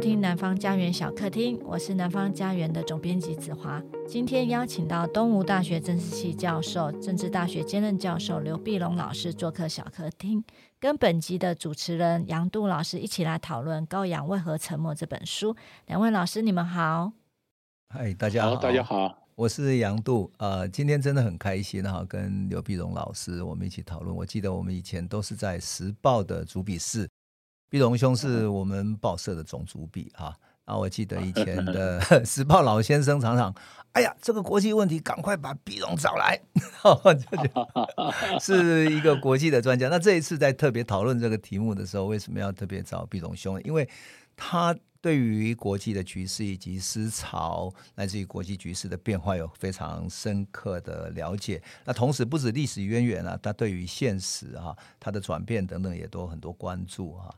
聽南方家園小客廳，我是南方家園的總編輯子華。今天邀請到東吳大學政治系教授、政治大學兼任教授劉必榮老師做客小客廳，跟本集的主持人楊渡老師一起來討論《羔羊為何沉默》這本書。兩位老師，你們好。嗨，大家好，大家好，我是楊渡。呃，今天真的很開心哈，然後跟劉必榮老師我們一起討論。我記得我們以前都是在《時報》的主筆室。必榮兄是我們報社的總主筆啊，啊，我記得以前的《時報》老先生常常，哎呀，這個國際問題趕快把必榮找來， 是一個國際的專家。那這一次在特別討論這個題目的時候，為什麼要特別找必榮兄？因為他。對於國際的局勢以及思潮，來自於國際局勢的變化有非常深刻的了解。那同時，不止歷史淵源啊，他對於現實啊，他的轉變等等也都有很多關注哈、啊，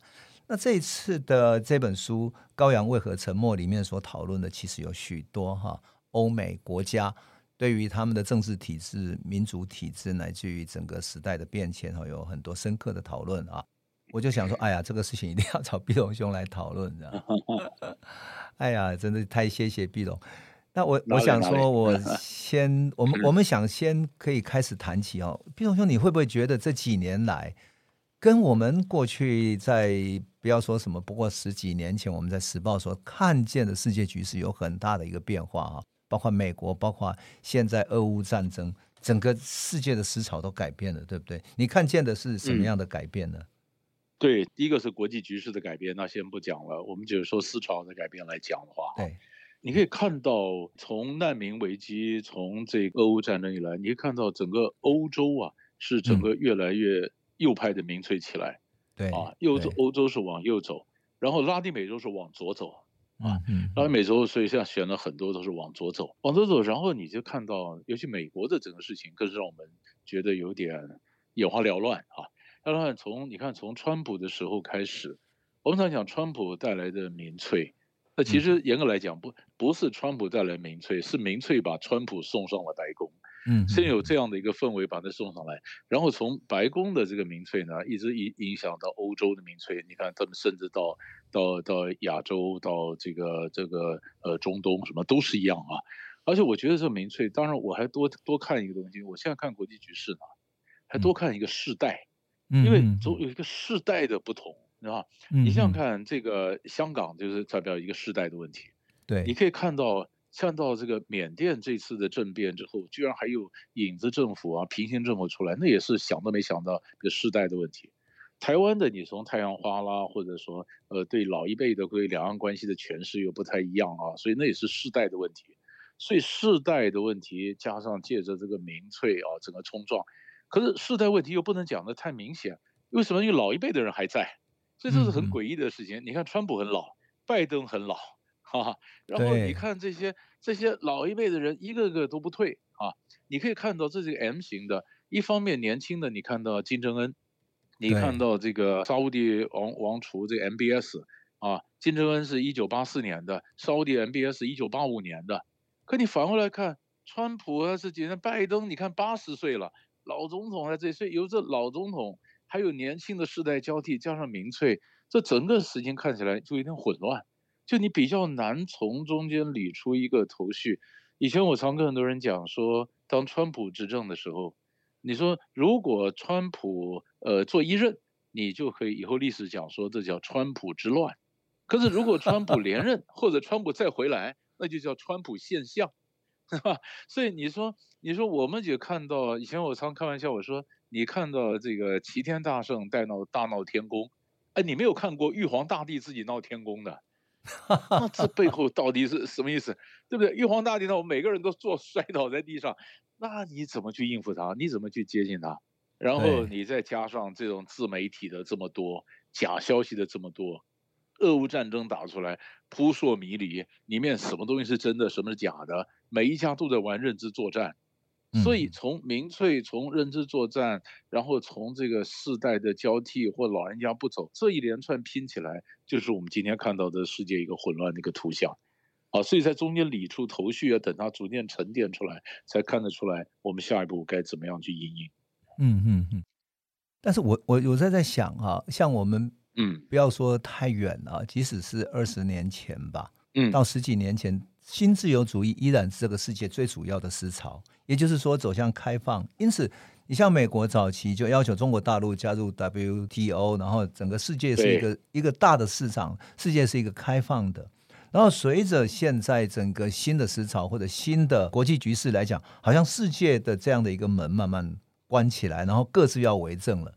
那這一次的這本書《羔羊為何沉默》裡面所討論的，其實有許多哈、啊，歐美國家對於他們的政治體制、民主體制，乃至於整個時代的變遷、啊，哈，有很多深刻的討論啊。我就想說，哎呀，這個事情一定要找必榮兄來討論，你 哎呀，真的太謝謝必榮。那我哪裡哪裡我想說，我先我們我們想先可以開始談起哦。 必榮兄，你會不會覺得這幾年來，跟我們過去在不要說什麼，不過十幾年前我們在時報所看見的世界局勢有很大的一個變化啊？包括美國，包括現在俄烏戰爭，整個世界的思潮都改變了，對不對？你看見的是什麼樣的改變呢？嗯對，第一個是國際局勢的改變，那先不講了。我們就是說思潮的改變來講的話，對你可以看到從難民危機，從這個俄烏戰爭以來，你可以看到整個歐洲啊，是整個越來越右派的民粹起來，嗯、對，對啊，右歐、歐洲是往右走，然後拉丁美洲是往左走，嗯、啊，拉丁美洲所以現在選了很多都是往左走，往左走，然後你就看到，尤其美國的整個事情，更是讓我們覺得有點眼花繚亂啊。當然，從你看從川普的時候開始，我們常講川普帶來的民粹，那其實嚴格來講不不是川普帶來民粹，是民粹把川普送上了白宮，嗯，先有這樣的一個氛圍把他送上來，然後從白宮的這個民粹呢，一直影影響到歐洲的民粹，你看他們甚至到到到亞洲，到這個這個呃中東，什麼都是一樣啊。而且我覺得這民粹，當然我還多多看一個東西，我現在看國際局勢呢，還多看一個世代。嗯。因為總有一個世代的不同，對吧？你想想看，這個香港就是代表一個世代的問題。對，你可以看到，看到這個緬甸這次的政變之後，居然還有影子政府啊、平行政府出來，那也是想都沒想到一個世代的問題。台灣的你從太陽花啦，或者說呃，對老一輩的關於兩岸關係的詮釋又不太一樣啊，所以那也是世代的問題。所以世代的問題加上借着這個民粹啊，整個衝撞。可是世代問題又不能講得太明顯，為什麼？因為老一輩的人還在，所以這是很詭異的事情。你看，川普很老，拜登很老，哈，然後你看這些這些老一輩的人一個個都不退啊。你可以看到這是個 M 型的，一方面年輕的，你看到金正恩，你看到這個沙烏地王王儲這個 MBS，啊，金正恩是一九八四年的，沙烏地 MBS 一九八五年的。可你反過來看，川普他是幾？拜登你看八十歲了。老總統還在，所以由這老總統，還有年輕的世代交替，加上民粹，這整個事情看起來就有點混亂，就你比較難從中間理出一個頭緒。以前我常跟很多人講說，當川普執政的時候，你說如果川普呃做一任，你就可以以後歷史講說這叫川普之亂；可是如果川普連任 或者川普再回來，那就叫川普現象。哈， 所以你說，你說我們也看到，以前我常開玩笑，我說你看到這個齊天大聖帶鬧大鬧天宮，哎，你沒有看過玉皇大帝自己鬧天宮的，那這背後到底是什麼意思？ 對不對？玉皇大帝呢，我們每個人都坐摔倒在地上，那你怎麼去應付他？你怎麼去接近他？然後你再加上這種自媒體的這麼多假消息的這麼多。俄烏戰爭打出來撲朔迷離，裡面什麼東西是真的，什麼是假的？每一家都在玩認知作戰，所以從民粹，從認知作戰，然後從這個世代的交替或老人家不走，這一連串拼起來，就是我們今天看到的世界一個混亂的一個圖像。啊，所以在中間理出頭緒，要等它逐漸沉澱出來，才看得出來我們下一步該怎麼樣去因應、嗯。嗯嗯嗯。但是我我我在在想啊，像我們。嗯，不要說太遠了啊，即使是二十年前吧，嗯，到十幾年前，新自由主義依然是這個世界最主要的思潮，也就是說，走向開放。因此，你像美國早期就要求中國大陸加入 WTO，然後整個世界是一個對一個大的市場，世界是一個開放的。然後隨着現在整個新的思潮或者新的國際局勢來講，好像世界的這樣的一個門慢慢關起來，然後各自要為政了。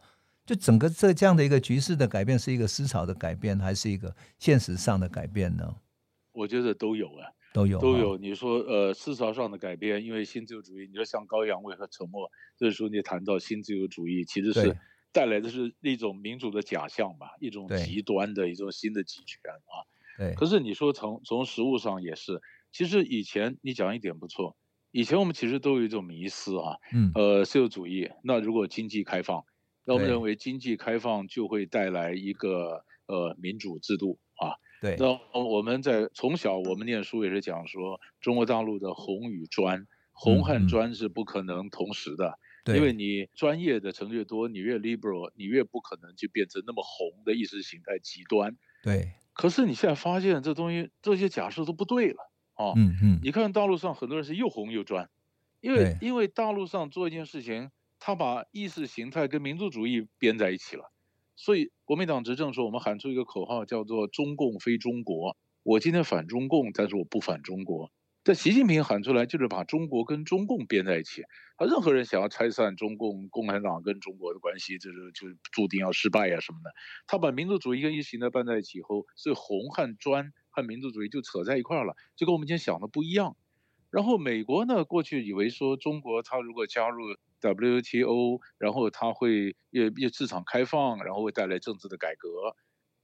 就整個這這樣的一個局勢的改變，是一個思潮的改變，還是一個現實上的改變呢？我覺得都有啊，都有都有。哦、你說呃，思潮上的改變，因為新自由主義，你說像羔羊為何沉默，這時候你談到新自由主義，其實是帶來的是一種民主的假象吧，對一種極端的一種新的集權啊。對。可是你說從從實物上也是，其實以前你講一點不錯，以前我們其實都有一種迷思啊，嗯，呃，自由主義，那如果經濟開放。那我們認為經濟開放就會帶來一個呃民主制度啊。對。那我們在從小我們念書也是講說中國大陸的紅與專，紅和專是不可能同時的，嗯嗯、因為你專業的程度越多，你越 liberal，你越不可能就變成那麼紅的意識形態極端。對。可是你現在發現這東西這些假設都不對了啊。嗯嗯。嗯你看大陸上很多人是又紅又專，因為對因為大陸上做一件事情。他把意識形態跟民族主義編在一起了，所以國民黨執政時候，我們喊出一個口號叫做“中共非中國”。我今天反中共，但是我不反中國。但習近平喊出來就是把中國跟中共編在一起。他任何人想要拆散中共共產黨跟中國的關係，就是就註定要失敗啊什麼的。他把民族主義跟意識形態編在一起以後，所以紅和專和民族主義就扯在一塊兒了，就跟我們今天想的不一樣。然後美國呢，過去以為說中國他如果加入。WTO，然後它會越越市場開放，然後會帶來政治的改革，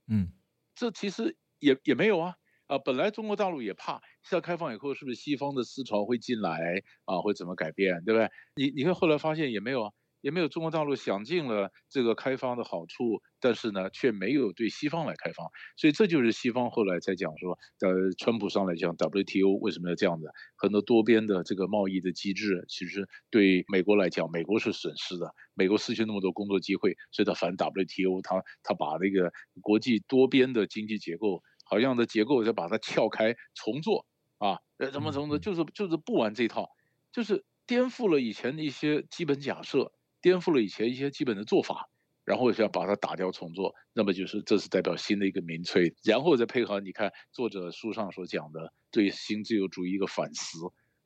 嗯，這其實也也沒有啊，啊、呃，本來中國大陸也怕，在開放以後是不是西方的思潮會進來啊，會怎麼改變，對不對？你你看後來發現也沒有。啊。也沒有，中國大陸享盡了這個開放的好處，但是呢，卻沒有對西方來開放，所以這就是西方後來才在講說，呃，川普上來講 WTO 為什麼要這樣子？很多多邊的這個貿易的機制，其實對美國來講，美國是損失的，美國失去那麼多工作機會，所以他反 WTO，他他把那個國際多邊的經濟結構，好像的結構再把它撬開重做啊，呃，怎麼怎麼的，就是就是不玩這套，就是顛覆了以前的一些基本假設。顛覆了以前一些基本的做法，然後想把它打掉重做，那麼就是這是代表新的一個民粹，然後再配合你看作者書上所講的對新自由主義一個反思，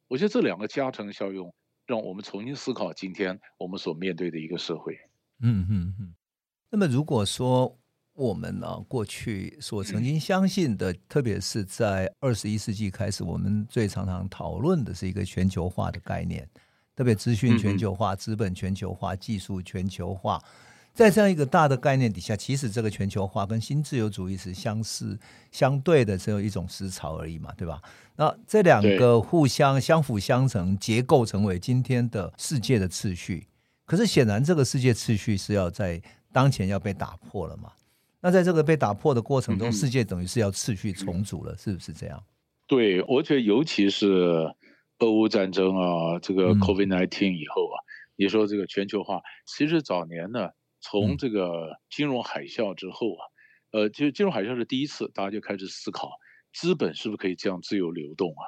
我覺得這兩個加成效用，讓我們重新思考今天我們所面對的一個社會。嗯嗯嗯。那麼如果說我們呢、啊、過去所曾經相信的，嗯、特別是在二十一世紀開始，我們最常常討論的是一個全球化的概念。特別資訊全球化、資、嗯嗯、本全球化、技術全球化，在這樣一個大的概念底下，其實這個全球化跟新自由主義是相似、相對的只有一種思潮而已嘛，對吧？那這兩個互相對相輔相成，結構成為今天的世界的秩序。可是顯然，這個世界秩序是要在當前要被打破了嘛？那在這個被打破的過程中，嗯嗯，世界等於是要秩序重組了，嗯嗯，是不是這樣？對，我覺得尤其是。俄烏戰爭啊，這個 COVID-19 以後啊，嗯、你說這個全球化，其實早年呢，從這個金融海嘯之後啊，嗯、呃，就金融海嘯是第一次，大家就開始思考，資本是不是可以這樣自由流動啊？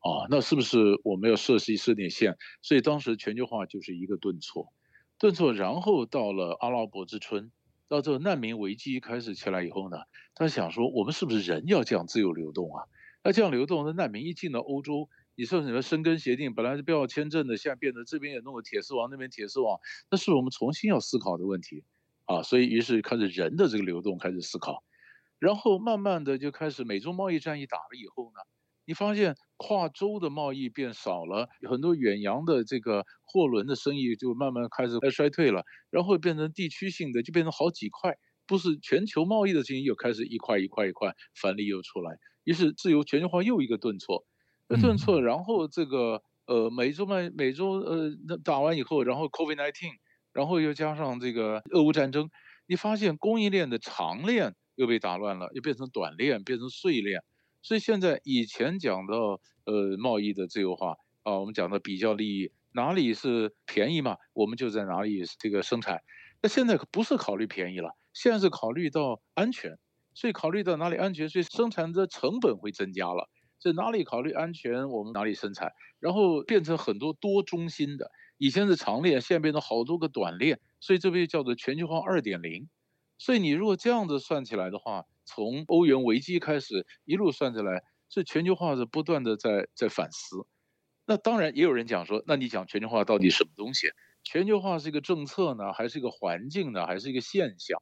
啊，那是不是我們要設計設點線？所以當時全球化就是一個頓挫，頓挫，然後到了阿拉伯之春，到這個難民危機開始起來以後呢，他想說，我們是不是人要這樣自由流動啊？那這樣流動的難民一進到歐洲。你說你們申根協定本來是不要簽證的，現在變成這邊也弄個鐵絲網，那邊鐵絲網，那是我們重新要思考的問題啊。所以於是開始人的這個流動開始思考，然後慢慢的就開始美洲貿易戰役打了以後呢，你發現跨洲的貿易變少了，很多遠洋的這個貨輪的生意就慢慢開始衰退了，然後變成地區性的，就變成好幾塊，不是全球貿易的經意又開始一塊一塊一塊反利又出來，於是自由全球化又一個頓挫。政策，嗯、然後這個呃美洲嘛，美洲呃打完以後，然後 COVID nineteen，然後又加上這個俄烏戰爭，你發現供應鏈的長鏈又被打亂了，又變成短鏈，變成碎鏈。所以現在以前講的呃貿易的自由化啊，呃，我們講的比較利益哪裡是便宜嘛，我們就在哪裡這個生產。那現在不是考慮便宜了，現在是考慮到安全，所以考慮到哪裡安全，所以生產的成本會增加了。在哪裡考慮安全，我們哪裡生產，然後變成很多多中心的。以前是長鏈，現在變成好多個短鏈，所以這邊叫做全球化二點零。所以你如果這樣子算起來的話，從歐元危機開始一路算起來，是全球化是不斷的在在反思。那當然也有人講說，那你講全球化到底什麼東西？全球化是一個政策呢，還是一個環境呢，還是一個現象？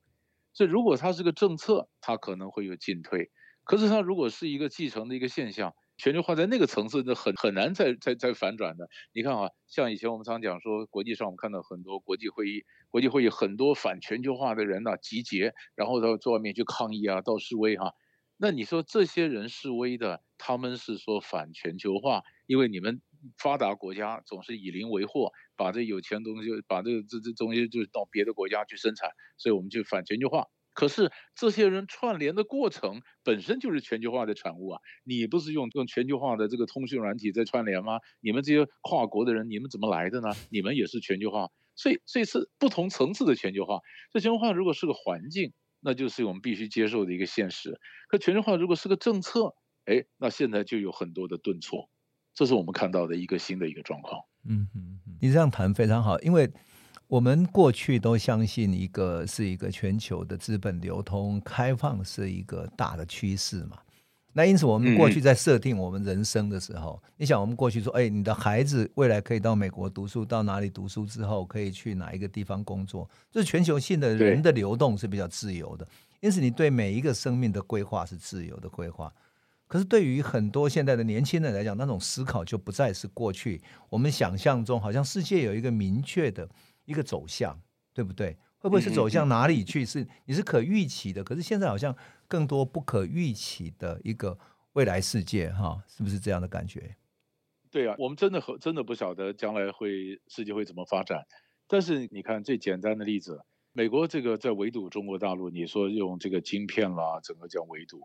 所以如果它是個政策，它可能會有進退。可是它如果是一個繼承的一個現象，全球化在那個層次就，那很很難再再再反轉的。你看啊，像以前我們常講說，國際上我們看到很多國際會議，國際會議很多反全球化的人吶、啊、集結，然後到外面去抗議啊，到示威哈、啊。那你說這些人示威的，他們是說反全球化，因為你們發達國家總是以鄰為壑，把這有錢東西，把這這這東西就是到別的國家去生產，所以我們就反全球化。可是這些人串聯的過程本身就是全球化的產物啊！你不是用用全球化的這個通訊軟體在串聯嗎？你們這些跨國的人，你們怎麼來的呢？你們也是全球化，所以，所以是不同層次的全球化。這全球化如果是個環境，那就是我們必須接受的一個現實。可全球化如果是個政策，誒，那現在就有很多的頓挫，這是我們看到的一個新的一個狀況。嗯嗯嗯，你這樣談非常好，因為。我們過去都相信一個是一個全球的資本流通開放是一個大的趨勢嘛，那因此我們過去在設定我們人生的時候，你想我們過去說，哎，你的孩子未來可以到美國讀書，到哪裡讀書之後可以去哪一個地方工作，這全球性的人的流動是比較自由的。因此，你對每一個生命的規劃是自由的規劃。可是，對於很多現在的年輕人來講，那種思考就不再是過去我們想象中好像世界有一個明確的。一個走向，對不對？會不會是走向哪裡去？是你是可預期的，可是現在好像更多不可預期的一個未來世界，哈，是不是這樣的感覺？嗯嗯嗯、對啊，我們真的和真的不曉得將來會世界會怎麼發展。但是你看最簡單的例子，美國這個在圍堵中國大陸，你說用這個晶片啦，整個這樣圍堵，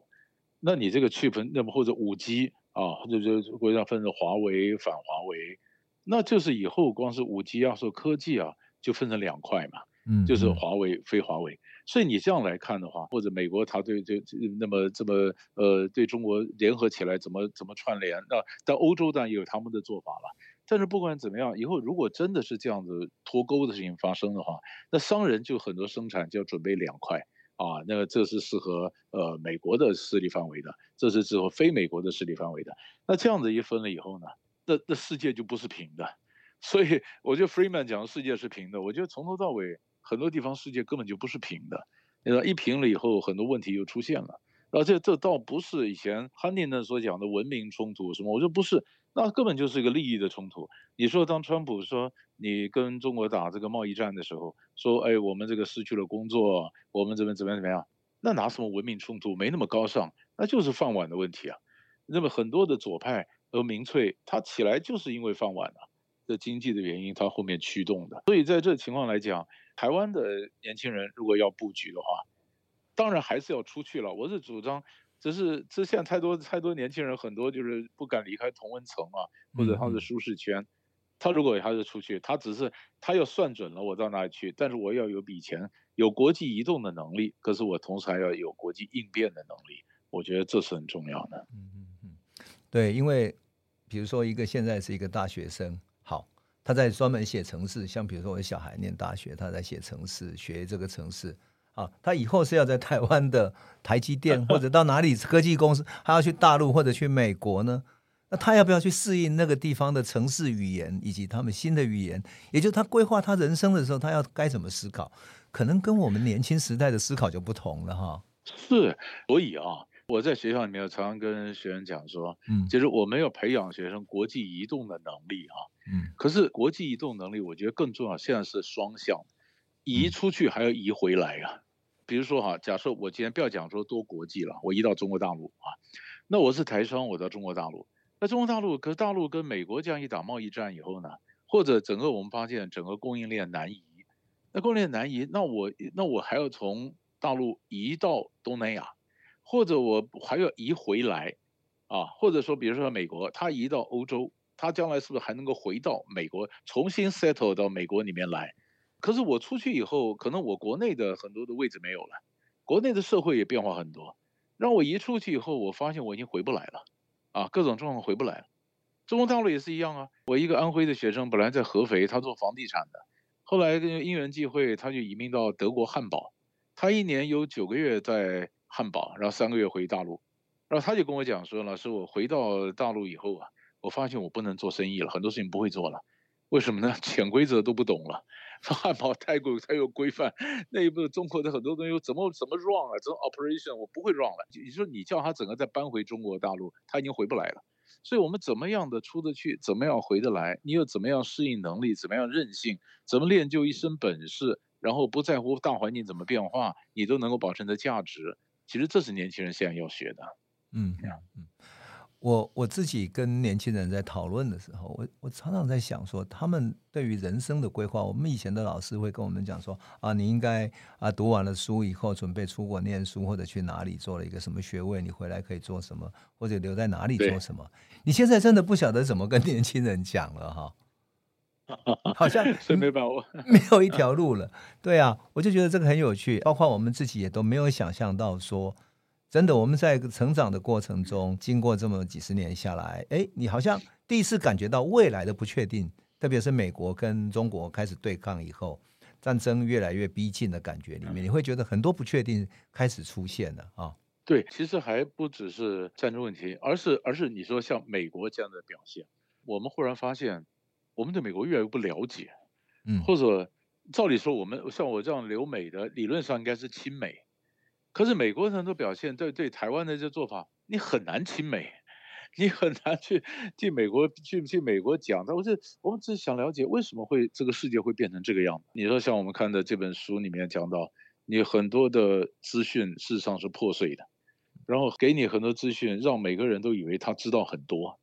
那你這個區分，那麼或者五 G 啊，或者就國家分成華為反華為，那就是以後光是五 G 要、啊、說科技啊。就分成兩塊嘛，嗯，就是華為非華為，所以你這樣來看的話，或者美國他對這這那麼這麼呃對中國聯合起來怎麼怎麼串聯？那在歐洲當然也有他們的做法了。但是不管怎麼樣，以後如果真的是這樣子脫鈎的事情發生的話，那商人就很多生產就要準備兩塊啊。那個這是適合呃美國的勢力範圍的，這是適合非美國的勢力範圍的。那這樣子一分了以後呢，那那世界就不是平的。所以我覺得 Freeman 講的世界是平的，我覺得從頭到尾很多地方世界根本就不是平的，你一平了以後，很多問題又出現了。而且這倒不是以前 Huntington 所講的文明衝突什麼，我說不是，那根本就是一個利益的衝突。你說當川普說你跟中國打這個貿易戰的時候，說哎我們這個失去了工作，我們怎麼怎麼樣怎麼樣，那拿什麼文明衝突？沒那麼高尚，那就是飯碗的問題啊。那麼很多的左派和民粹，他起來就是因為飯碗啊。的經濟的原因，它後面驅動的，所以在這情況來講，台灣的年輕人如果要布局的話，當然還是要出去了。我是主張，只是這現在太多太多年輕人，很多就是不敢離開同溫層啊，或者他的舒適圈。他如果還是出去，他只是他要算準了我到哪裡去，但是我要有筆錢，有國際移動的能力，可是我同時還要有國際應變的能力。我覺得這是很重要的嗯。嗯嗯嗯，對，因為比如說一個現在是一個大學生。他在專門寫程式，像比如說我小孩念大學，他在寫程式，學這個程式，啊，他以後是要在台灣的台積電，或者到哪裡科技公司，還要去大陸或者去美國呢？那他要不要去適應那個地方的程式語言以及他們新的語言？也就是他規劃他人生的時候，他要該怎麼思考？可能跟我們年輕時代的思考就不同了哈。是，所以啊、哦。我在學校裡面常常跟學生講說，嗯，就是我們要培養學生國際移動的能力啊，嗯，可是國際移動能力，我覺得更重要，現在是雙向，移出去還要移回來啊。比如說哈、啊，假設我今天不要講說多國際了，我移到中國大陸啊，那我是台商，我到中國大陸，那中國大陸跟大陸跟美國這樣一打貿易戰以後呢，或者整個我們發現整個供應鏈難移，那供應鏈難移，那我那我還要從大陸移到東南亞。或者我還要移回來，啊，或者說，比如說美國，他移到歐洲，他將來是不是還能夠回到美國，重新 settle 到美國裡面來？可是我出去以後，可能我國內的很多的位置沒有了，國內的社會也變化很多，讓我移出去以後，我發現我已經回不來了，啊，各種狀況回不來了。中國大陸也是一樣啊，我一個安徽的學生，本來在合肥，他做房地產的，後來因緣際會，他就移民到德國漢堡，他一年有九個月在漢堡，然後三個月回大陸，然後他就跟我講說：“老師，我回到大陸以後啊，我發現我不能做生意了，很多事情不會做了。為什麼呢？潛規則都不懂了。漢堡太過，太有規範。那一部分中國的很多東西怎麼怎麼 wrong 啊，怎麼 operation 我不會 wrong 了。也就是你叫他整個再搬回中國大陸，他已經回不來了。所以，我們怎麼樣的出得去，怎麼樣回得來？你又怎麼樣適應能力？怎麼樣韌性？怎麼練就一身本事？然後不在乎大環境怎麼變化，你都能夠保持你的價值。”其實這是年輕人現在要學的。嗯嗯，我我自己跟年輕人在討論的時候，我我常常在想說，他們對於人生的規劃，我們以前的老師會跟我們講說啊，你應該啊讀完了書以後，準備出國念書，或者去哪裡做了一個什麼學位，你回來可以做什麼，或者留在哪裡做什麼。對你現在真的不曉得怎麼跟年輕人講了哈。 好像誰沒把握，沒有一條路了。對啊，我就覺得這個很有趣。包括我們自己也都沒有想象到，說真的，我們在成長的過程中，經過這麼幾十年下來，欸，你好像第一次感覺到未來的不確定。特別是美國跟中國開始對抗以後，戰爭越來越逼近的感覺裡面，你會覺得很多不確定開始出現了啊。對，其實還不只是戰爭問題，而是而是你說像美國這樣的表現，我們忽然發現。我們對美國越來越不了解，嗯，或者照理說，我們像我這樣留美的，理論上應該是親美，可是美國人都表現對對台灣的這做法，你很難親美，你很難去替美國去去美國講。但我覺得，我們只是想了解為什麼會這個世界會變成這個樣子。你說，像我們看的這本書裡面講到，你很多的資訊事實上是破碎的，然後給你很多資訊，讓每個人都以為他知道很多，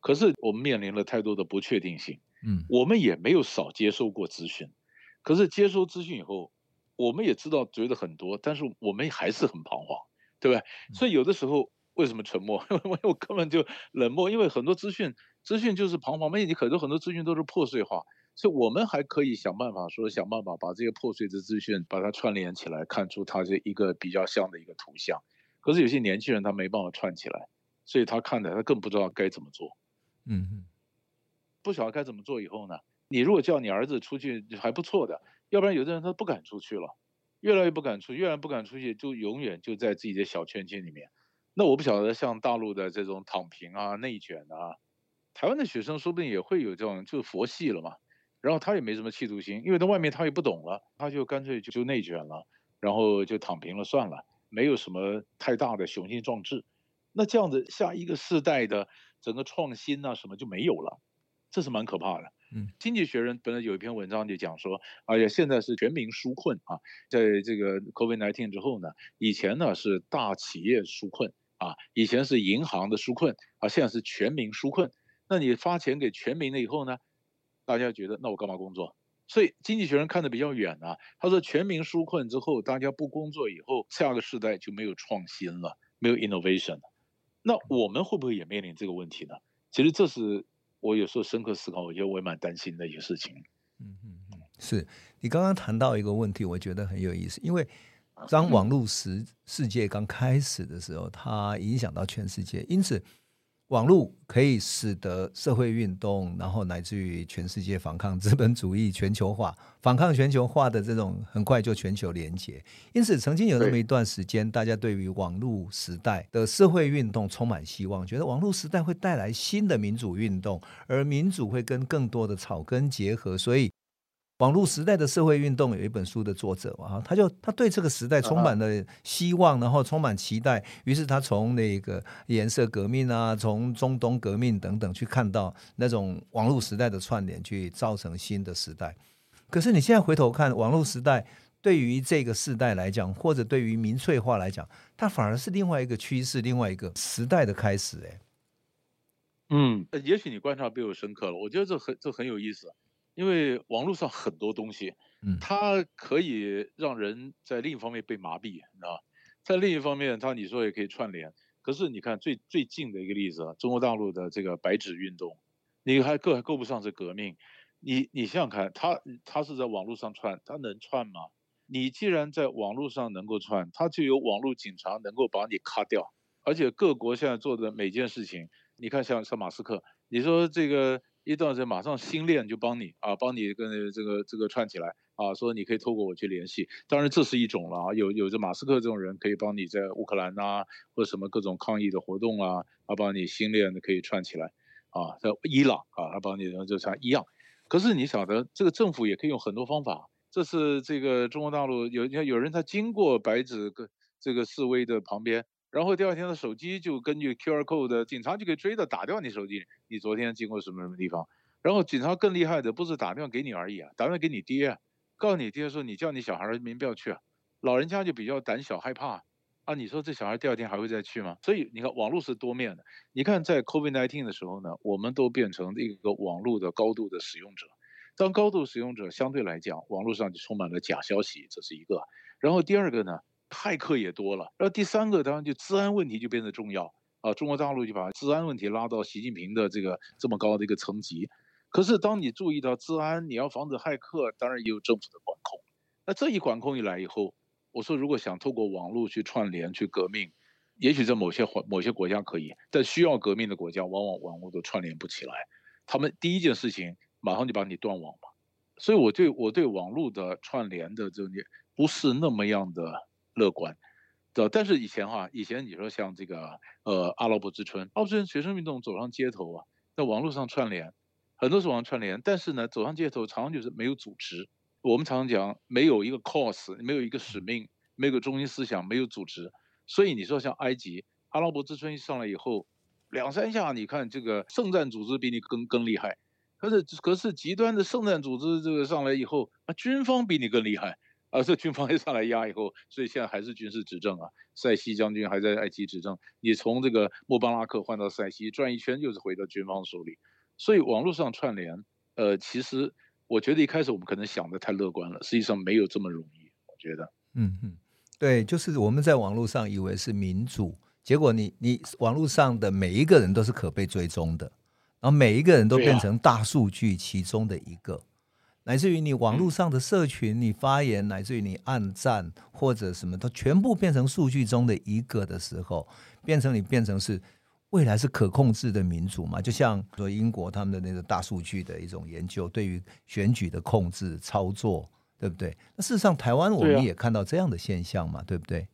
可是我們面臨了太多的不確定性。嗯， 我們也沒有少接收過資訊，可是接收資訊以後，我們也知道覺得很多，但是我們還是很彷徨，對不對？所以有的時候為什麼沉默？因 為我根本就冷漠，因為很多資訊資訊就是彷徨，沒有你可能很多很多資訊都是破碎化，所以我們還可以想辦法說想辦法把這些破碎的資訊把它串聯起來，看出它是一個比較像的一個圖像。可是有些年輕人他沒辦法串起來，所以他看的他更不知道該怎麼做。嗯。 不曉得該怎麼做以後呢？你如果叫你兒子出去還不錯的，要不然有的人他不敢出去了，越來越不敢出，越來越不敢出去，就永遠就在自己的小圈圈裡面。那我不曉得像大陸的這種躺平啊、內卷啊，台灣的學生說不定也會有這種，就是佛系了嘛。然後他也沒什麼企圖心，因為在外面他也不懂了，他就乾脆就就內卷了，然後就躺平了，算了，沒有什麼太大的雄心壯志。那這樣子，下一個世代的整個創新啊什麼就沒有了。這是蠻可怕的。嗯，經濟學人本來有一篇文章就講說，哎呀，現在是全民紓困啊，在這個 COVID-19 之後呢，以前呢是大企業紓困啊，以前是銀行的紓困啊，現在是全民紓困。那你發錢給全民了以後呢，大家覺得那我幹嘛工作？所以經濟學人看得比較遠啊，他說全民紓困之後，大家不工作以後，下個世代就沒有創新了，沒有 innovation 了。那我們會不會也面臨這個問題呢？其實這是。我有時候深刻思考，我覺得我也蠻擔心的一個事情。嗯嗯嗯，是你剛剛談到一個問題，我覺得很有意思，因為當網絡時世界剛開始的時候，嗯、它影響到全世界，因此。網絡可以使得社會運動，然後乃至於全世界反抗資本主義全球化，反抗全球化的這種，很快就全球連結。因此，曾經有那麼一段時間，對大家對於網絡時代的社會運動充滿希望，覺得網絡時代會帶來新的民主運動，而民主會跟更多的草根結合，所以。網絡時代的社會運動，有一本書的作者啊，他就他對這個時代充滿了希望，然後充滿期待，於是他從那個顏色革命啊，從中東革命等等去看到那種網絡時代的串聯，去造成新的時代。可是你現在回頭看，網絡時代對於這個時代來講，或者對於民粹化來講，它反而是另外一個趨勢，另外一個時代的開始。欸，嗯，也許你觀察比我深刻了，我覺得這很這很有意思。因為網絡上很多東西，嗯，它可以讓人在另一方面被麻痹，你知道，在另一方面，它你說也可以串聯。可是你看最最近的一個例子，中國大陸的這個白紙運動，你還夠還夠不上是革命？你你想想看，它它是在網絡上串，它能串嗎？你既然在網絡上能夠串，它就有網絡警察能夠把你咔掉。而且各國現在做的每件事情，你看像像馬斯克，你說這個。一到這馬上星鏈就幫你啊，幫你跟這個這個串起來啊，說你可以透過我去聯繫，當然這是一種了啊，有有着馬斯克這種人可以幫你在烏克蘭啊，或什麼各種抗議的活動啊，他、啊、幫你星鏈可以串起來啊，在伊朗啊，他、啊、幫你的就像一樣，可是你曉得這個政府也可以用很多方法，這是這個中國大陸有你看有人他經過白紙跟這個示威的旁邊。然後第二天的手機就根據 QR code 的，警察就給追的打掉你手機，你昨天經過什麼什麼地方？然後警察更厲害的不是打電話給你而已啊，打電話給你爹，告訴你爹說你叫你小孩沒必要去，老人家就比較膽小害怕啊。你說這小孩第二天還會再去嗎？所以你看網絡是多面的。你看在 COVID nineteen 的時候呢，我們都變成一個網絡的高度的使用者。當高度使用者相對來講，網絡上就充滿了假消息，這是一個。然後第二個呢？駭客也多了，然後第三個，當然就治安問題就變得重要啊。中國大陸就把治安問題拉到習近平的這個這麼高的一個層級。可是當你注意到治安，你要防止駭客，當然也有政府的管控。那這一管控一來以後，我說如果想透過網絡去串聯去革命，也許在某些環某些國家可以，但需要革命的國家往往網絡都串聯不起來。他們第一件事情馬上就把你斷網了。所以我對我對網絡的串聯的這，不是那麼樣的。樂觀，對吧？但是以前哈，以前你說像這個呃阿拉伯之春，阿拉伯之春學生運動走上街頭啊，在網絡上串聯，很多是網上串聯，但是呢，走上街頭常常就是沒有組織。我們常常講，沒有一個 cause，沒有一個使命，沒有個中心思想，沒有組織。所以你說像埃及阿拉伯之春一上來以後，兩三下，你看這個聖戰組織比你更更厲害。可是可是極端的聖戰組織這個上來以後啊，軍方比你更厲害。而這軍方一上來壓以後，所以現在還是軍事執政啊。塞西將軍還在埃及執政。你從這個穆巴拉克換到塞西，轉一圈又是回到軍方手裡。所以網絡上串聯，呃，其實我覺得一開始我們可能想得太樂觀了，實際上沒有這麼容易，我覺得。嗯嗯，對，就是我們在網絡上以為是民主，結果你你網絡上的每一個人都是可被追蹤的，然後每一個人都變成大數據其中的一個。乃至於你網絡上的社群，你發言，乃至於你按讚或者什麼，都全部變成數據中的一個的時候，變成你變成是未來是可控制的民主嘛？就像說英國他們的那個大數據的一種研究，對於選舉的控制操作，對不對？那事實上，台灣我們也看到這樣的現象嘛，對啊、對不對？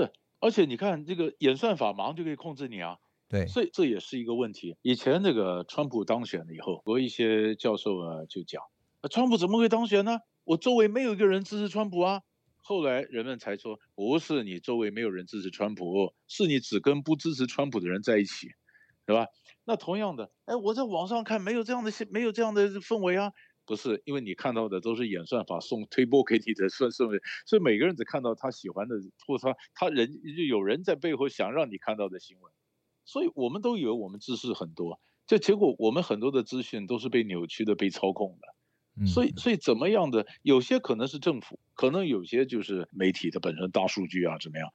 是，而且你看這個演算法馬上就可以控制你啊。對，所以這也是一個問題。以前那個川普當選了以後，和一些教授啊就講、啊，那川普怎麼會當選呢？我周圍沒有一個人支持川普啊。後來人們才說，不是你周圍沒有人支持川普、哦，是你只跟不支持川普的人在一起，是吧？那同樣的，哎，我在網上看沒有這樣的新，沒有這樣的氛圍啊。不是，因為你看到的都是演算法送推播給你的新聞，所以每個人只看到他喜歡的，或者他他人就有人在背後想讓你看到的新聞。所以我們都以為我們知識很多，這結果我們很多的資訊都是被扭曲的、被操控的。所以，所以怎麼樣的？有些可能是政府，可能有些就是媒體的本身大數據啊，怎麼樣？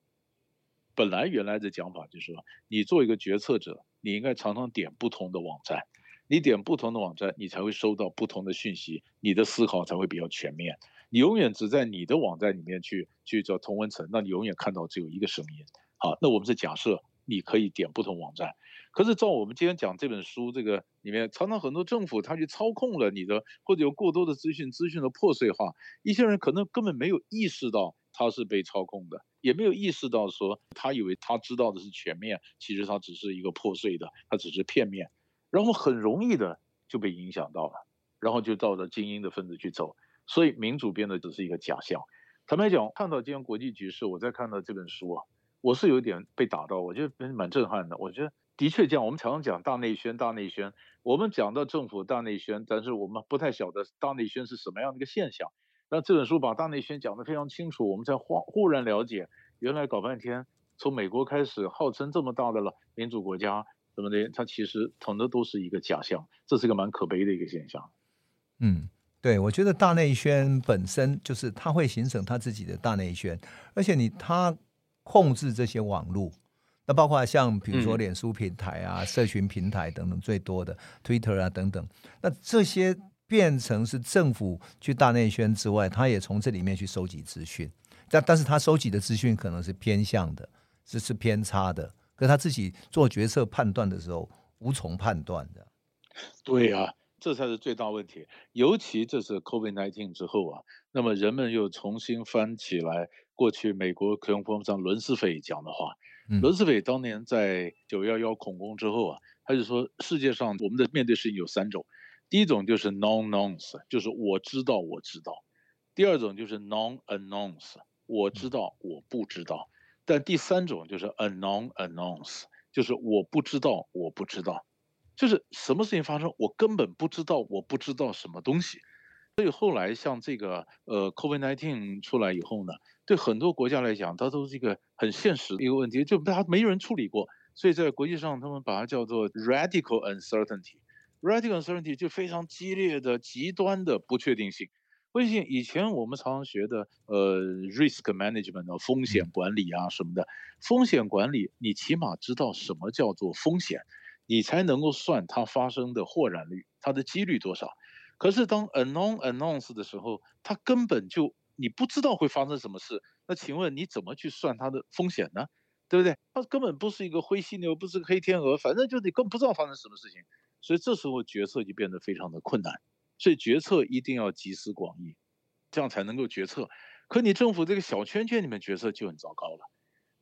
本來原來的講法就是說，你做一個決策者，你應該常常點不同的網站，你點不同的網站，你才會收到不同的訊息，你的思考才會比較全面。你永遠只在你的網站裡面去去找同溫層，那你永遠看到只有一個聲音。好，那我們是假設。你可以點不同網站，可是照我們今天講這本書，這個裡面常常很多政府他去操控了你的，或者有過多的資訊，資訊的破碎化，一些人可能根本沒有意識到他是被操控的，也沒有意識到說他以為他知道的是全面，其實他只是一個破碎的，他只是片面，然後很容易的就被影響到了，然後就照着精英的分子去走，所以民主變得只是一個假象。坦白講，看到今天國際局勢，我在看到這本書啊。我是有點被打到，我覺得蠻震撼的。我覺得的確這樣，我們常常講大內宣、大內宣，我們講到政府大內宣，但是我們不太曉得大內宣是什麼樣的一個現象。那這本書把大內宣講得非常清楚，我們才恍忽然了解，原來搞半天，從美國開始號稱這麼大的了民主國家，什麼的，它其實統的都是一個假象，這是一個蠻可悲的一個現象。嗯，對，我覺得大內宣本身就是它會形成它自己的大內宣，而且你它。他控制這些網絡，那包括像比如說臉書平台啊、嗯、社群平台等等，最多的 Twitter 啊等等，那這些變成是政府去大內宣之外，他也從這裡面去收集資訊，但但是他收集的資訊可能是偏向的，是是偏差的，可他自己做決策判斷的時候無從判斷的。對啊，這才是最大問題，尤其這是 COVID-19 之後啊，那麼人們又重新翻起來。過去美國國防部長倫斯斐講的話，倫、嗯、斯斐當年在九幺幺恐攻之後啊，他就說世界上我們的面對事情有三種，第一種就是 non-announce，就是我知道我知道。第二種就是 non-announce，我知道我不知道；但第三種就是 unknown-announce，就是我不知道我不知道。就是什麼事情發生，我根本不知道我不知道什麼東西。所以後來像這個呃，COVID-19 出來以後呢，對很多國家來講，它都是一個很現實的一個問題，就它沒人處理過，所以在國際上，他們把它叫做 radical uncertainty。radical uncertainty 就是非常激烈的、極端的不確定性。為什麼？以前我們常常學的，呃，risk management 的風險管理啊什麼的。風險管理，你起碼知道什麼叫做風險，你才能夠算它發生的豁然率，它的幾率多少。可是當 anon announce 的時候，它根本就。你不知道會發生什麼事，那請問你怎麼去算它的風險呢？對不對？它根本不是一個灰犀牛，不是個黑天鵝，反正就是你更不知道發生什麼事情，所以這時候決策就變得非常的困難。所以決策一定要集思廣益，這樣才能夠決策。可你政府這個小圈圈裡面決策就很糟糕了。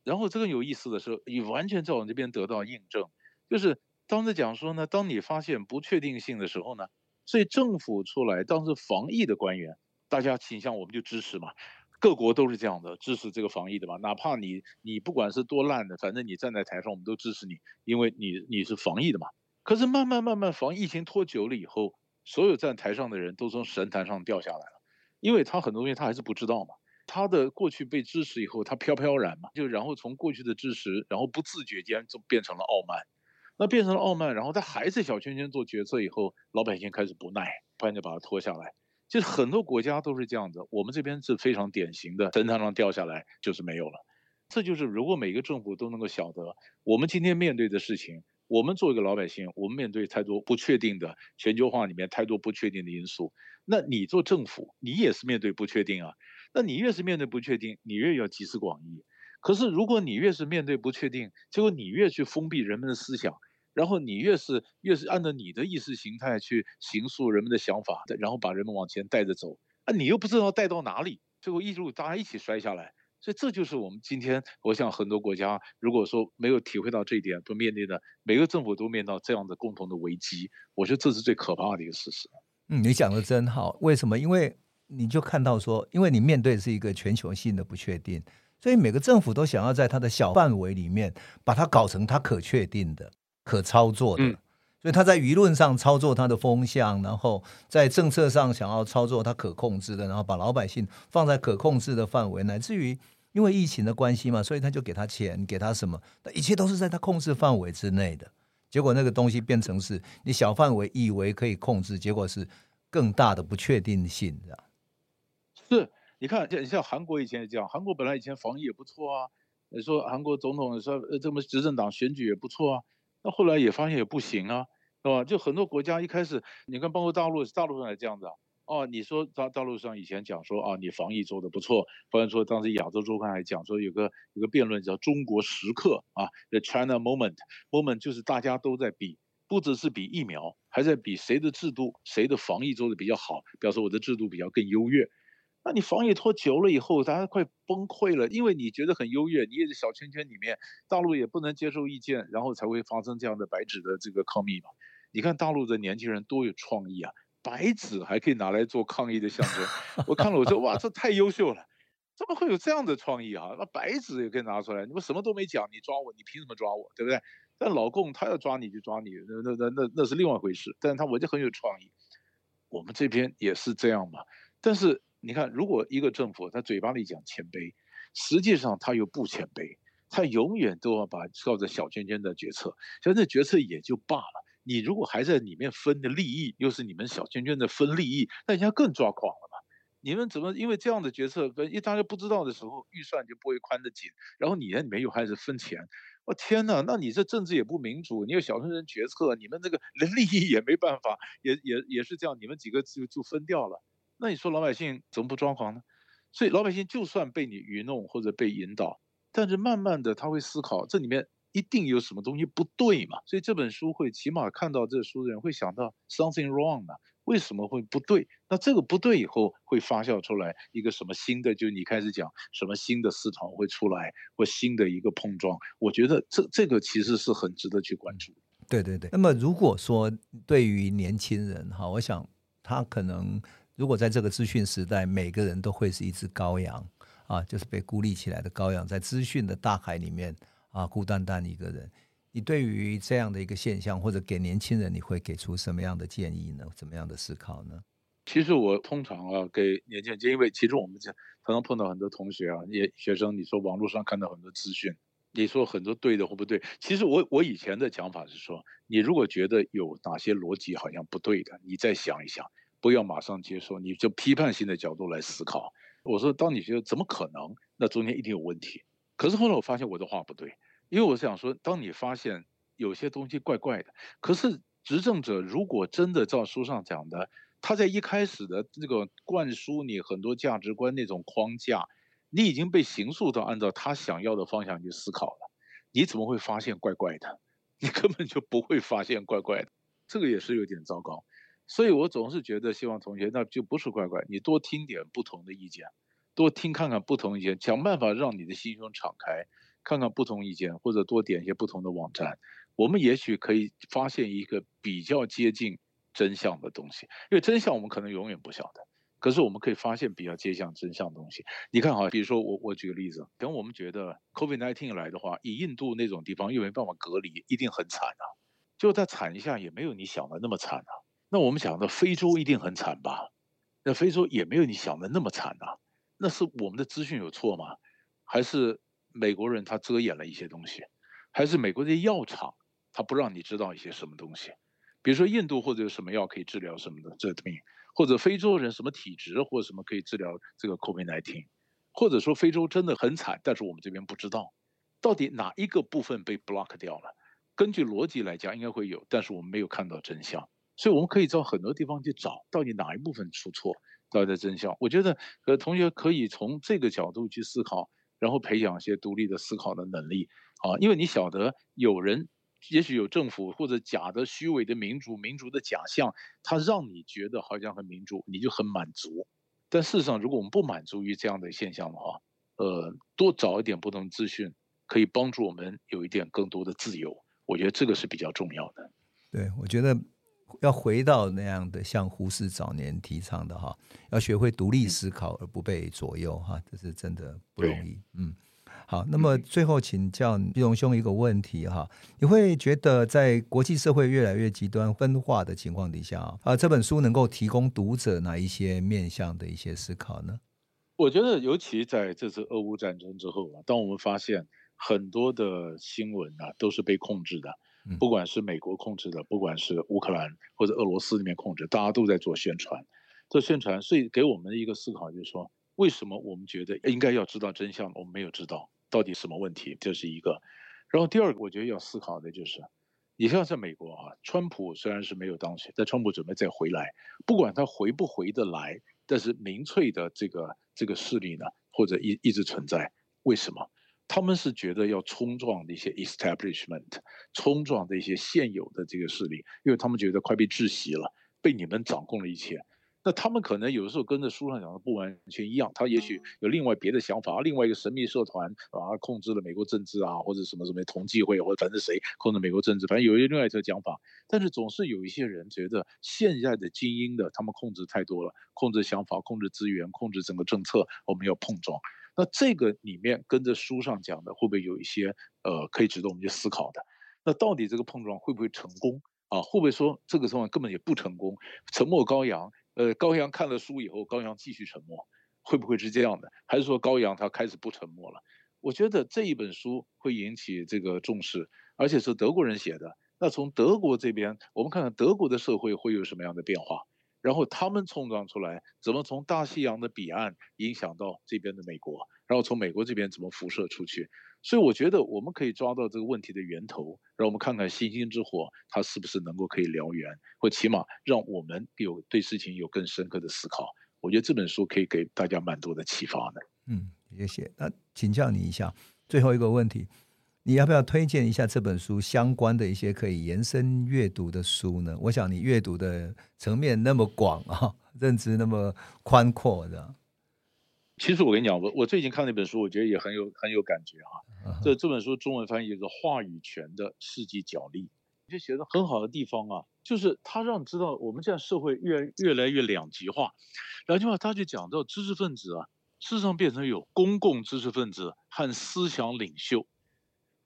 然後這個有意思的是，你完全在我們這邊得到印證，就是當時講說呢，當你發現不確定性的時候呢，所以政府出來當時防疫的官員。大家傾向我們就支持嘛，各國都是這樣的支持這個防疫的嘛，哪怕你你不管是多爛的，反正你站在台上，我們都支持你，因為你你是防疫的嘛。可是慢慢慢慢，防疫、疫情拖久了以後，所有站台上的人都從神壇上掉下來了，因為他很多東西他還是不知道嘛，他的過去被支持以後，他飄飄然嘛，就然後從過去的支持，然後不自覺間就變成了傲慢，那變成了傲慢，然後他還是小圈圈做決策以後，老百姓開始不耐，不然就把他拖下來。就是很多國家都是這樣子，我們這邊是非常典型的，神台上掉下來就是沒有了。這就是如果每一個政府都能夠曉得，我們今天面對的事情，我們做一個老百姓，我們面對太多不確定的全球化裡面太多不確定的因素，那你做政府，你也是面對不確定啊。那你越是面對不確定，你越要集思廣益。可是如果你越是面對不確定，結果你越去封閉人們的思想。然後你越是越是按照你的意識形態去形塑人們的想法，然後把人們往前帶着走，啊，你又不知道帶到哪裡，最後一路大家一起摔下來。所以這就是我們今天，我想很多國家如果說沒有體會到這一點，都面臨的每個政府都面臨到這樣的共同的危機。我覺得這是最可怕的一個事實。嗯，你講的真好。為什麼？因為你就看到說，因為你面對是一個全球性的不確定，所以每個政府都想要在它的小範圍裡面把它搞成它可確定的。可操作的，所以他在輿論上操作他的風向，然後在政策上想要操作他可控制的，然後把老百姓放在可控制的範圍，乃至於因為疫情的關係嘛，所以他就給他錢，給他什麼，那一切都是在他控制範圍之內的。結果那個東西變成是你小範圍以為可以控制，結果是更大的不確定性，這樣。是，你看，就像韓國以前也這樣，韓國本來以前防疫也不錯啊，你說韓國總統說這麼執政黨選舉也不錯啊。那後來也發現也不行啊，對吧？就很多國家一開始，你看包括大陸，大陸上還這樣子啊。哦，你說大大陸上以前講說啊，你防疫做得不錯，包括說當時亞洲週刊還講說有個有個辯論叫中國時刻啊，the China moment moment 就是大家都在比，不只是比疫苗，還在比誰的制度，誰的防疫做得比較好，表示我的制度比較更優越。那你防疫拖久了以後，大家快崩潰了，因為你覺得很優越，你也是小圈圈裡面，大陸也不能接受意見，然後才會發生這樣的白紙的這個抗議嘛。你看大陸的年輕人多有創意啊，白紙還可以拿來做抗議的象徵。我看了，我說哇，這太優秀了，怎麼會有這樣的創意啊？那白紙也可以拿出來，你們什麼都沒講，你抓我，你憑什麼抓我，對不對？但老共他要抓你就抓你，那那那那那是另外一回事。但是他我就很有創意，我們這邊也是這樣嘛，但是。你看，如果一個政府他嘴巴裡講謙卑，實際上他又不謙卑，他永遠都要把照着小圈圈的決策，其實這決策也就罷了。你如果還在裡面分的利益，又是你們小圈圈的分利益，那人家更抓狂了嘛。你們怎麼因為這樣的決策，一大家不知道的時候，預算就不會寬得緊，然後你裡面又開始分錢，我、哦、天哪，那你這政治也不民主，你有小圈圈決策，你們這個連利益也沒辦法，也也也是這樣，你們幾個就就分掉了。那你說老百姓怎麼不抓狂呢？所以老百姓就算被你愚弄或者被引導，但是慢慢的他會思考，這裡面一定有什麼東西不對嘛。所以這本書會起碼看到這書的人會想到 something wrong 呢、啊？為什麼會不對？那這個不對以後會發酵出來一個什麼新的？就你開始講什麼新的思潮會出來，或新的一個碰撞。我覺得這這個其實是很值得去關注。對對對。那麼如果說對於年輕人哈，我想他可能。如果在這個資訊時代，每個人都會是一隻羔羊啊，就是被孤立起來的羔羊，在資訊的大海裡面啊，孤單單一個人。你對於這樣的一個現象，或者給年輕人，你會給出什麼樣的建議呢？怎麼樣的思考呢？其實我通常啊，給年輕人，因為其實我們常常碰到很多同學啊，也學生，你說網絡上看到很多資訊，你說很多對的或不對。其實我我以前的講法是說，你如果覺得有哪些邏輯好像不對的，你再想一想。不要馬上接受，你就批判性的角度來思考。我說，當你覺得怎麼可能，那中間一定有問題。可是後來我發現我的話不對，因為我想說，當你發現有些東西怪怪的，可是執政者如果真的照書上講的，他在一開始的那個灌輸你很多價值觀那種框架，你已經被形塑到按照他想要的方向去思考了，你怎麼會發現怪怪的？你根本就不會發現怪怪的，這個也是有點糟糕。所以我總是覺得，希望同學那就不是怪怪，你多聽點不同的意見，多聽看看不同意見，想辦法讓你的心胸敞開，看看不同意見，或者多點一些不同的網站，我們也許可以發現一個比較接近真相的東西。因為真相我們可能永遠不曉得，可是我們可以發現比較接近真相的東西。你看哈，比如說我我舉個例子，等我們覺得 COVID-19 來的話，以印度那種地方又沒辦法隔離，一定很慘啊。就再慘一下，也沒有你想的那麼慘啊。那我們想到非洲一定很慘吧？那非洲也沒有你想的那麼慘吶、啊。那是我們的資訊有錯嗎？還是美國人他遮掩了一些東西？還是美國的藥廠他不讓你知道一些什麼東西？比如說印度或者有什麼藥可以治療什麼的這病，或者非洲人什麼體質或什麼可以治療這個 COVID-19？或者說非洲真的很慘，但是我們這邊不知道到底哪一個部分被 block 掉了？根據邏輯來講，應該會有，但是我們沒有看到真相。所以我們可以到很多地方去找到底哪一部分出錯，到底在真相。我覺得，呃，同學可以從這個角度去思考，然後培養一些獨立的思考的能力啊。因為你曉得，有人也許有政府或者假的、虛偽的民主、民主的假象，他讓你覺得好像很民主，你就很滿足。但事實上，如果我們不滿足於這樣的現象的話，呃，多找一點不同資訊，可以幫助我們有一點更多的自由。我覺得這個是比較重要的。對，我覺得。要回到那樣的像胡適早年提倡的哈，要學會獨立思考而不被左右哈，這是真的不容易。對嗯，好，那麼最後請教必榮兄一個問題哈，你會覺得在國際社會越來越極端分化的情況底下啊，這本書能夠提供讀者哪一些面向的一些思考呢？我覺得尤其在這次俄烏戰爭之後啊，當我們發現很多的新聞啊，都是被控制的。不管是美國控制的，不管是烏克蘭或者俄羅斯那邊控制，大家都在做宣傳，做宣傳，所以給我們的一個思考，就是說為什麼我們覺得應該要知道真相，我們沒有知道到底什麼問題，這是一個。然後第二個，我覺得要思考的就是，你像在美國啊，川普雖然是沒有當選，但川普準備再回來，不管他回不回得來，但是民粹的這個這個勢力呢，或者一一直存在，為什麼？他們是覺得要衝撞那些 establishment，衝撞這些現有的這個勢力，因為他們覺得快被窒息了，被你們掌控了一切。那他們可能有的時候跟着書上講的不完全一樣，他也許有另外別的想法，而、啊、另外一個神秘社團啊控制了美國政治啊，或者什麼什麼同濟會或者反正誰控制美國政治，反正有一些另外一種講法。但是總是有一些人覺得現在的精英的他們控制太多了，控制想法、控制資源、控制整個政策，我們要碰撞。那這個裡面跟着書上講的，會不會有一些呃可以值得我們去思考的？那到底這個碰撞會不會成功啊？會不會說這個狀況根本也不成功？沉默羔羊，呃，羔羊看了書以後，羔羊繼續沉默，會不會是這樣的？還是說羔羊他開始不沉默了？我覺得這一本書會引起這個重視，而且是德國人寫的。那從德國這邊，我們看看德國的社會會有什麼樣的變化？然後他們衝撞出來，怎麼從大西洋的彼岸影響到這邊的美國？然後從美國這邊怎麼輻射出去？所以我覺得我們可以抓到這個問題的源頭，讓我們看看星星之火它是不是能夠可以燎原，或起碼讓我們有對事情有更深刻的思考。我覺得這本書可以給大家蠻多的啟發的。嗯，謝謝。那請教你一下，最後一個問題。你要不要推薦一下這本書相關的一些可以延伸閱讀的書呢？我想你閱讀的層面那麼廣啊，認知那麼寬闊的。其實我跟你講，我我最近看了一本書，我覺得也很有很有感覺啊。這、uh huh. 這本書中文翻譯有個話語權的世紀角力，就寫得很好的地方啊，就是它讓你知道我們現在社會越來越來越兩極化，兩極化他就講到知識分子啊，事實上變成有公共知識分子和思想領袖。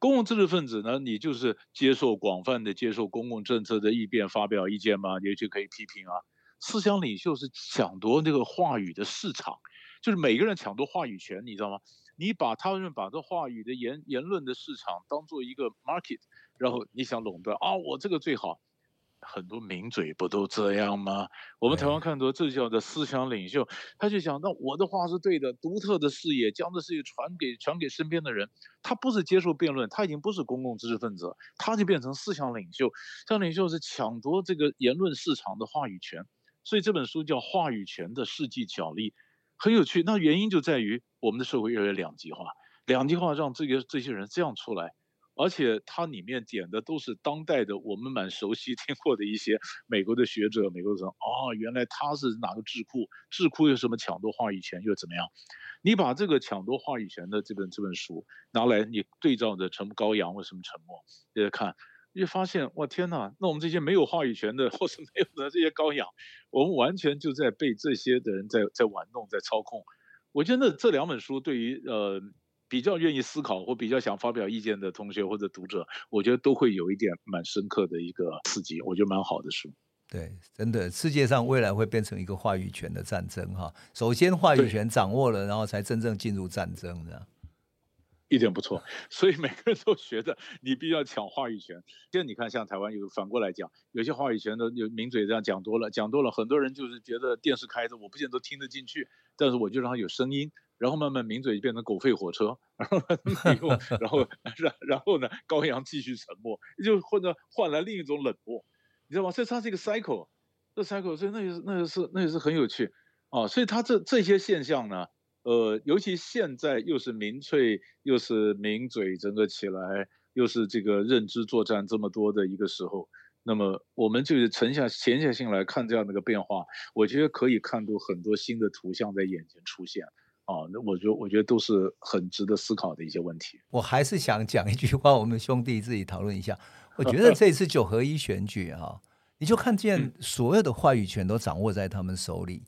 公共知識分子呢？你就是接受廣泛的接受公共政策的意見，發表意見嗎？你就可以批評啊。思想領袖是搶奪那個話語的市場，就是每個人搶奪話語權，你知道嗎？你把他們把這話語的言言論的市場當做一個 market，然後你想壟斷啊，我這個最好。很多名嘴不都這樣嗎？嗯、我們台灣看多，這叫做思想領袖。哎、他就想，那我的話是對的，獨特的視野，將這視野傳給傳給身邊的人。他不是接受辯論，他已經不是公共知識分子，他就變成思想領袖。思想領袖是搶奪這個言論市場的話語權。所以這本書叫《話語權的世紀角力》，很有趣。那原因就在於我們的社會越來越兩極化，兩極化讓這個這些人這樣出來。而且它裡面點的都是當代的，我們蠻熟悉聽過的一些美國的學者、美國人。啊，原來他是哪個智庫？智庫又什麼搶奪話語權又怎麼樣？你把這個搶奪話語權的這本這本書拿來，你對照着沉默羔羊或什麼沉默，你再看你就發現，哇天哪！那我們這些沒有話語權的，或是沒有的這些羔羊，我們完全就在被這些的人在在玩弄、在操控。我覺得這兩本書對於呃。比較願意思考或比較想發表意見的同學或者讀者，我覺得都會有一點蠻深刻的一個刺激。我覺得蠻好的書。對，真的，世界上未來會變成一個話語權的戰爭哈。首先話語權掌握了，對然後才真正進入戰爭。這樣一點不錯。所以每個人都覺得你必須要搶話語權。現在你看，像台灣有反過來講，有些話語權的有名嘴這樣講多了，講多了，很多人就是覺得電視開着，我不見得都聽得進去，但是我就讓他有聲音。然後慢慢名嘴就變成狗吠火車，然後 然後然然後呢，羔羊繼續沉默，又或者換來另一種冷漠，你知道嗎？所以它是一個 cycle，這 cycle 所以那、就是那也、就是那也是很有趣啊、哦，所以它這這些現象呢，呃，尤其現在又是民粹又是名嘴整個起來又是這個認知作戰這麼多的一個時候，那麼我們就是沉下潛下心來看這樣的一個變化，我覺得可以看到很多新的圖像在眼前出現。啊，那我覺得，我覺得都是很值得思考的一些問題。我還是想講一句話，我們兄弟自己討論一下。我覺得這次九合一選舉哈、 哦，你就看見所有的話語權都掌握在他們手裡，嗯、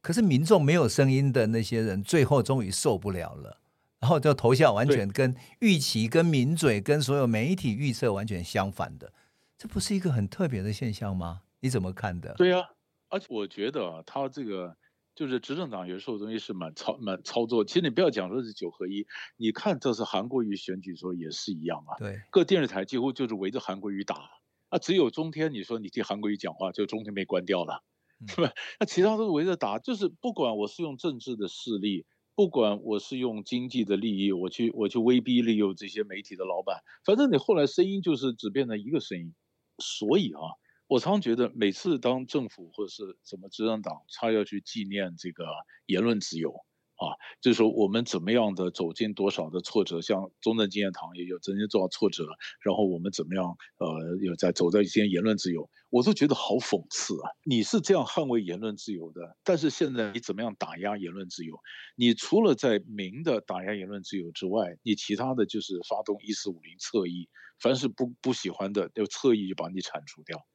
可是民眾沒有聲音的那些人，最後終於受不了了，然後就投下完全跟預期、跟名嘴、跟所有媒體預測完全相反的。這不是一個很特別的現象嗎？你怎麼看的？對啊，而且我覺得啊，他這個。就是執政黨有時候東西是蠻操蠻操作，其實你不要講說是九合一，你看這是韓國瑜選舉的時候也是一樣啊，對，各電視台幾乎就是圍着韓國瑜打，啊，只有中天你說你替韓國瑜講話，就中天被關掉了，是吧？那其他都是圍着打，就是不管我是用政治的勢力，不管我是用經濟的利益，我去我去威逼利誘這些媒體的老板，反正你後來聲音就是只變成一個聲音，所以啊。我常覺得，每次當政府或者是什麼執政黨，他要去紀念這個言論自由，啊，就是說我們怎麼樣的走進多少的挫折，像中正紀念堂也有曾經多少挫折，然後我們怎麼樣，呃，有在走在一些言論自由，我都覺得好諷刺啊！你是這樣捍衛言論自由的，但是現在你怎麼樣打壓言論自由？你除了在明的打壓言論自由之外，你其他的就是發動一四五零側翼，凡是不不喜歡的，要側翼就把你鏟除掉。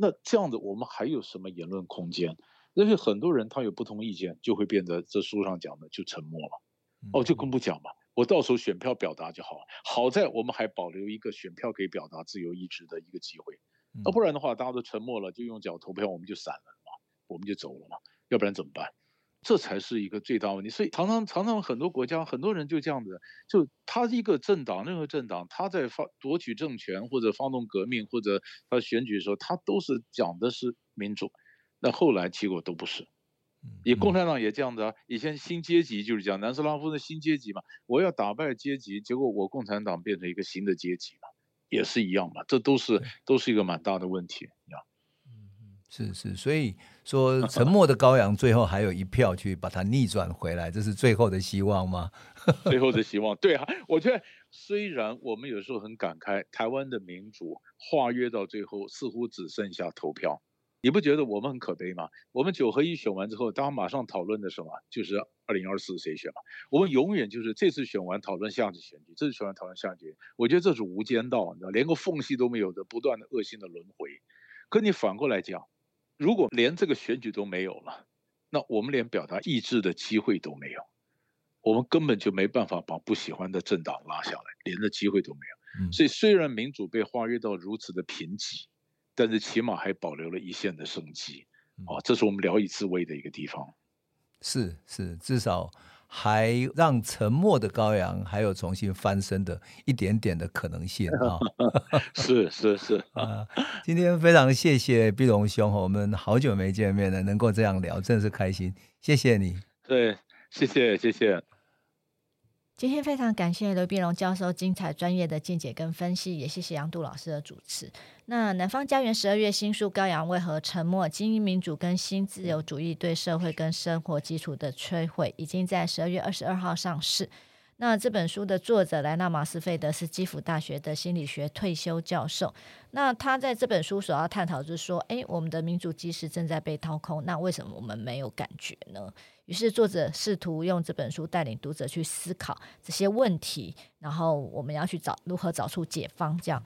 那這樣子我們還有什麼言論空間？而且很多人他有不同意見，就會變得這書上講的就沉默了，哦，就更不講嘛。我到時候選票表達就好了。好在我們還保留一個選票可以表達自由意志的一個機會，那不然的話大家都沉默了，就用腳投票，我們就散了嘛，我們就走了嘛，要不然怎麼辦？這才是一個最大問題，所以常常常常很多國家很多人就這樣子，就他一個政黨，任何政黨，他在發奪取政權或者發動革命或者他選舉的時候，他都是講的是民主，那後來結果都不是。以共產黨也這樣子啊，以前新階級就是講南斯拉夫的新階級嘛，我要打敗階級，結果我共產黨變成一個新的階級嘛，也是一樣嘛，這都是都是一個蠻大的問題，是是，所以說沉默的羔羊最後還有一票去把它逆轉回來，這是最後的希望嗎？ 最後的希望，對啊，我覺得雖然我們有時候很感慨，台灣的民主化約到最後似乎只剩下投票，你不覺得我們很可悲嗎？我們九合一選完之後，大家馬上討論的什麼？就是二零二四誰選嘛、啊。我們永遠就是這次選完討論下次選舉，這次選完討論下次選舉。我覺得這是無間道，你知道嗎，連個縫隙都沒有的不斷的惡性的輪回。可你反過來講。如果連這個選舉都沒有了，那我們連表達意志的機會都沒有，我們根本就沒辦法把不喜歡的政黨拉下來，連的機會都沒有。所以，雖然民主被化約到如此的貧瘠，但是起碼還保留了一線的生機。哦，這是我們聊以自慰的一個地方。嗯、是是，至少。還讓沉默的羔羊還有重新翻身的一點點的可能性啊、哦 是是是啊！今天非常謝謝必榮兄，我們好久沒見面了，能夠這樣聊，真的是開心，謝謝你。對，謝謝謝謝。今天非常感謝劉必榮教授精彩專業的見解跟分析，也謝謝楊渡老師的主持。那《南方家園》十二月新書《羔羊為何沉默？菁英民主跟新自由主義對社會跟生活基礎的摧毀》，已經在十二月二十二號上市。那這本書的作者萊納馬斯費德是基輔大學的心理學退休教授。那他在這本書所要探討就是說，誒、欸，我們的民主基石正在被掏空，那為什麼我們沒有感覺呢？於是，作者試圖用這本書帶領讀者去思考這些問題，然後我們要去找如何找出解方，這樣。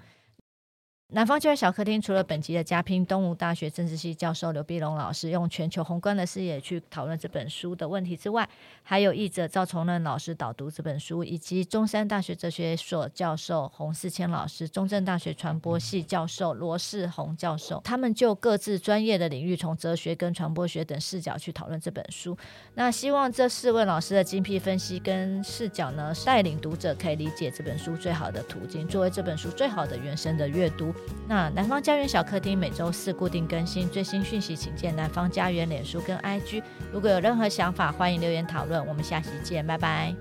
南方家園小客廳。除了本集的嘉賓東吳大學政治系教授劉必榮老師用全球宏觀的視野去討論這本書的問題之外，還有譯者趙崇任老師導讀這本書，以及中山大學哲學所教授洪世謙老師、中正大學傳播系教授羅世宏教授，他們就各自專業的領域，從哲學跟傳播學等視角去討論這本書。那希望這四位老師的精闢分析跟視角呢，帶領讀者可以理解這本書最好的途徑，作為這本書最好的原生的閱讀。那南方家園小客廳，每周四固定更新最新訊息，請見南方家園臉書跟 IG。如果有任何想法，歡迎留言討論。我們下期見，拜拜。